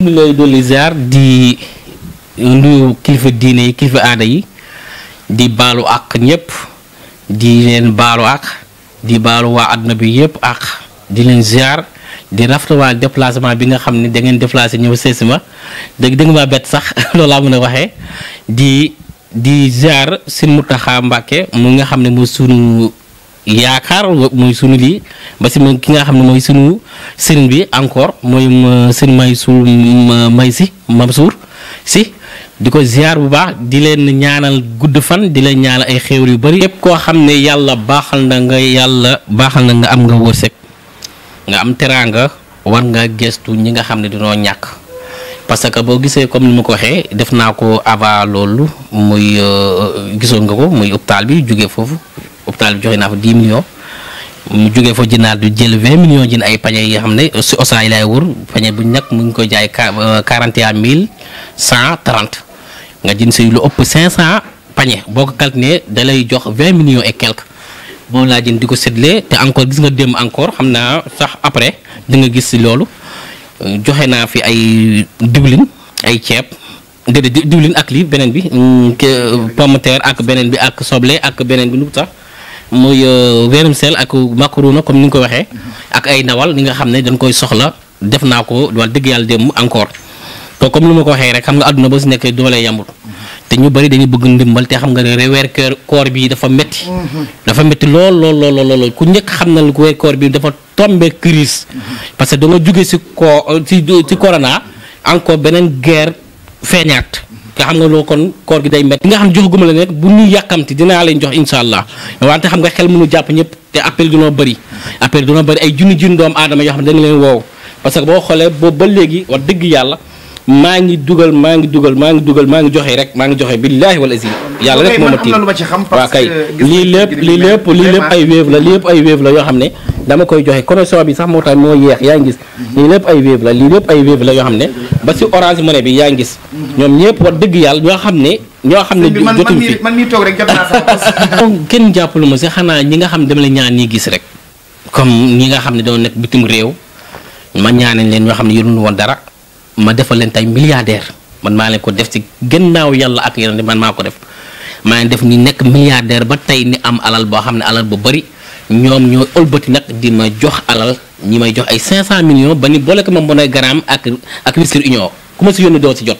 ñu lay dolli ziar di nuyu kilifa diine yi kilifa aada yi di balu ak ñëpp di leen balu ak di balu wa àdduna bi yëpp ak di leen ziar di rafetluwaal déplacement bi nga xam ne da ngeen déplacé ñëw seesi ma dëgg dëgg maa sax loolaa mën a waxee di di ziar sin mutaxa mbàkke mu nga xam ne sunu yaakaar mooy sunu lii ba si ki nga xam ne mooy sunu sëriñ bi encore mooy sëriñ may suur may si Mansour si di ko ziar bu baax di leen ñaanal gudd fan di leen ñaanal ay xéewal yu bari képp koo xam ne yàlla baaxal na nga yàlla baaxal na nga am nga wërsëg nga am teraanga war nga gestu ñi nga xam ne dinoo ñàkk parce que boo gisee comme ni ma ko waxee def naa ko avant loolu muy euh, gisoon nga ko muy hôpital bi jóge foofu hôpital bi joxe naa fa 10 millions mu jógee fa jëndaat du jël 20 millions jën ay pañe nga ne si Auchan yi bu ñu mu ngi koy jaay euh, quarante et un mille cent trente jën si lu ëpp 500 pañe boo ko calculé da lay jox 20 millions et quelque moom laa jën di ko séddale te encore gis nga dem encore xam naa sax après di gis si loolu joxe naa fi ay diwlin ay ceeb. déedéet diwlin ak lii beneen bi mm, pomme ak beneen bi ak soble ak beneen bi nu sax muy vermicelle euh, ak macaroni comme ni nga ko waxee ak ay ndawal li nga xam ne dañ koy soxla def naa ko wala dëgg yàlla démb encore te comme lu ma ko waxee rek xam nga àdduna ba si nekkee doole yamul te ñu bëri dañuy bëgg ndimbal te xam nga ne weer koor bii dafa metti dafa metti lool lool lool lool ku njëkk xam na lu weer koor bi dafa tombé crise parce que da jóge si ko si ci korona encore beneen guerre feeñaat nga xam nga loo kon koor gi day métti nga xam jox guma la nekk bu ñu yàkkamti dinaa leen jox incha allah wante xam nga xel mënu jàpp ñëpp te appel dinoo bëri appel dinoo bëri ay junni junni doomu aadama yoo xam ne da nga leen woow parce que boo xoolee boobu ba léegi wax dëgg yàlla maa ngi dugal maa ngi dugal maa ngi dugal maa ngi joxe rek maa ngi joxe billaahi wal azim yàlla rek moo ma tiim waaw kay lii lépp lii lépp lii lépp ay wéev la lii lépp ay wéev la yoo xam ne dama koy joxe connexion bi sax moo tax moo yeex yaa ngi gis mhm. lépp ay wéev la lépp ay wéev la yoo xam ne ba si orange money bi yaa ngi gis ñoom ñëpp wax dëgg yàlla ñoo xam ne ñoo xam ne jotuñ fi man mii toog rek jot naa sax kenn jàppalu ma si xanaa ñi nga xam dama la ñaan ñi gis rek comme ñi nga xam ne doon nekk bitim réew ma ñaanañ leen ñoo xam ne yoruñu woon dara ma defal leen tey milliardaire man maa leen ko def ci gannaaw yàlla ak yeneen man maa ko def maa leen def ni nekk milliardaire ba tey ni am alal boo xam ne alal bu bëri ñoom ñooy ëlbati nag di ma jox alal ñi may jox ay 500 millions ba ni boole ma mën a ak ak Western Union ku ma si yónni doo si jot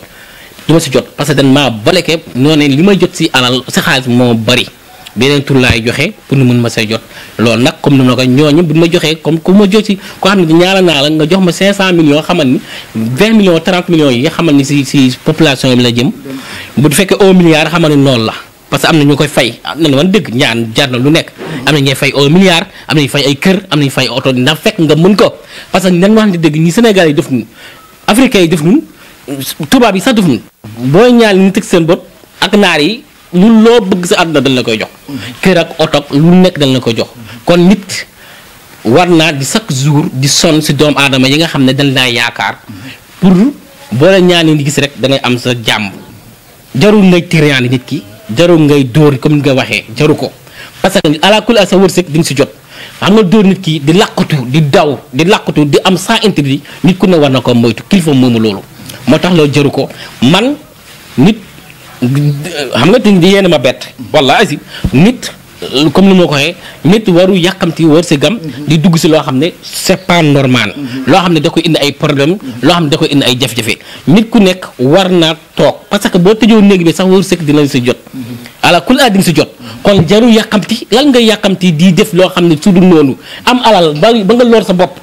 du ma si jot parce que maa boole ke li may jot si alal si xaalis moo bëri. beneen tur laay joxe pour ñu mun ma say jot loolu nag comme ni ma la ko ñooñu bu ma joxee comme ku ma jox si xam ne ñaala naa la nga jox ma 500 millions xamal ni 20 millions 30 millions yi xamal ni si si population bi la jëm bu fekkee un milliard xamal ni noon la. parce que am na ñu koy fay am na man dëgg ñaan jar na lu nekk am na fay au milliard am ñu fay ay kër am na ñu fay oto ndax fekk nga mën ko parce que wax ne dëgg ñi Sénégal yi def ñun africains yi def ñun tubaab yi sax def ñun. booy ñaar ñu teg seen bët ak naar yi. lu loo bëgg sa àdduna dañ la koy jox kër ak oto ak lu nekk dañ la koy jox kon nit war naa di chaque jour di sonn si doomu aadama yi nga xam ne dañ naa yaakaar pour boo la ñaanee di rek da ngay am sa jàmm jarul ngay tiraani nit ki jarul ngay dóor comme ni nga waxee jaru ko parce que alakul sa wërsëg di nga si jot xam nga dóor nit ki di làqatu di daw di làqatu di am sans intérêt nit ku ne war na ko moytu kilifa moomu loolu moo tax loolu jaru ko man nit xam nga te di yéen ma bett walla asi nit comme ni ma ko waxee nit waru yàqamti war si gam di dugg si loo xam ne c'est pas loo xam ne da koy indi ay problème loo xam ne da koy indi ay jafe-jafe nit ku nekk war naa toog parce que boo tëjoo néeg bi sax waru sëkk dinañ si jot ala kul aadin si jot kon jaru yàqamti lan nga yàqamti di def loo xam ne su dul noonu am alal ba ba nga loor sa bopp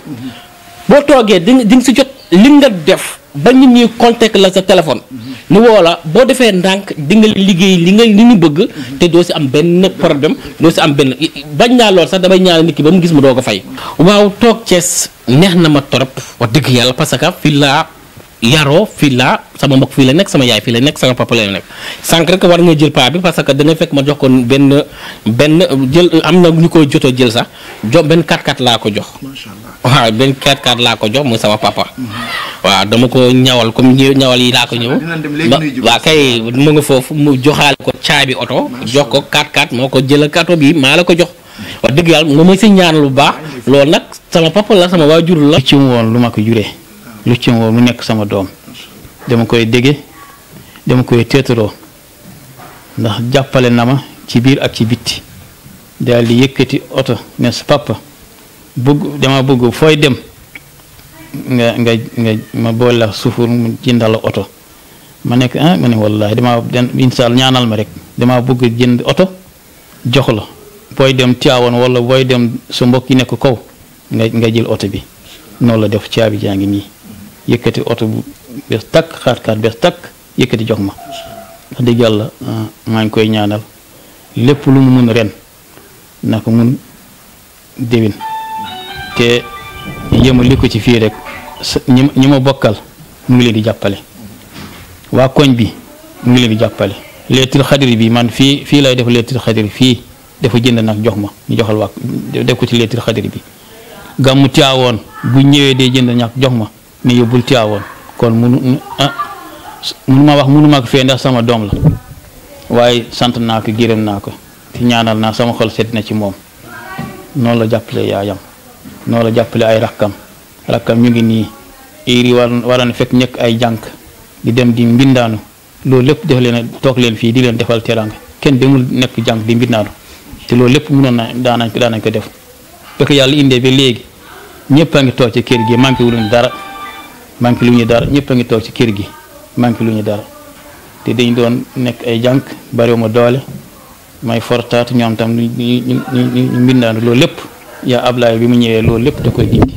boo toogee di di nga si jot li nga def ba nit ñi contacté la sa téléphone ni woo la boo defee ndànk di nga liggéey li nga li ñu bëgg te doo si am benn problème doo si am benn bañ naa lool sax damay ñaanal nit ki ba mu gis mu doo ko fay waaw toog Cees neex na ma torop wax dëgg yàlla parce que fii laa yaroo fii laa sama mbokk fii la nekk sama yaay fii la nekk sama papa la nekk sànq rek war nga jël paa bi parce que da nga fekk ma jox ko benn benn jël am na ñu koy jotoo jël sax jox benn 4 x laa ko jox. macha allah waaw laa ko jox muy sama papa. waaw dama ko ñawal kom ñawal yi laa ko ñëw. waa kay mu nga foofu mu joxaale ko caabi oto. jox ko 4 x moo ko jël ak oto bi maa la ko jox. wax dëgg yàlla moom ma si ñaan lu baax. loolu nag sama papa la sama waajur la. ci woon lu ma ko juree. lu ci mu nekk sama doom dama koy dége dama koy teetaroo ndax jàppale na ma ci biir ak ci bitti daal yëkkati oto ne su papa bëgg dama bëgg fooy dem nga nga nga ma boole la suufur mu jëndal oto ma nekk ah ma ne wallaahi damaa incha allah ñaanal ma rek damaa bëgg jënd oto jox la booy dem Tiwaawan wala booy dem su mbokk yi nekk kow nga nga jël oto bi noonu la def caabi jaa ngi nii. yëkkati oto bu bees takk xaatkaat bees takk yëkkati jox ma wax dëgg yàlla ah, maa ngi koy ñaanal lépp lu mu mun ren na ko mun déwén te yéma ci fii rek ñi ma bokkal mu ngi leen di jàppale waa koñ bi mu ngi leen di jàppale leetil xadiri bi man fii fii lay def leetil xadiri fii dafa jënd nag jox ma ñu joxal waa def ko ci leetil xadiri bi gàmmu tiyaawoon bu ñëwee dee jënd ñàkk jox ma ne yóbbul Tiwaawoon kon munu ah munuma wax munuma ko fee ndax sama doom la waaye sant naa ko gërëm naa ko ci ñaanal naa sama xol set na ci moom noonu la jàppale yaayam noonu la jàppale ay rakkam rakkam ñu ngi nii iri war na fekk ñëkk ay jànk di dem di mbindaanu loolu lépp def leen toog leen fii di leen defal teraanga kenn demul nekk jànk di mbindaanu te loolu lépp mënoon na daanañ ko daanañ ko def fekk yàlla indee ba léegi ñëpp ngi toog ci kër gi manqué wuloon dara manqué lu ñuy dara ñëpp a ngi toog ci kër gi manqué lu ñu dara te dañ doon nekk ay jànk bariwuma doole may fortaat ñoom tam ñu ñu ñu mbindaanu loolu lépp yaa ab ablaay bi mu ñëwee loolu lépp da koy dindi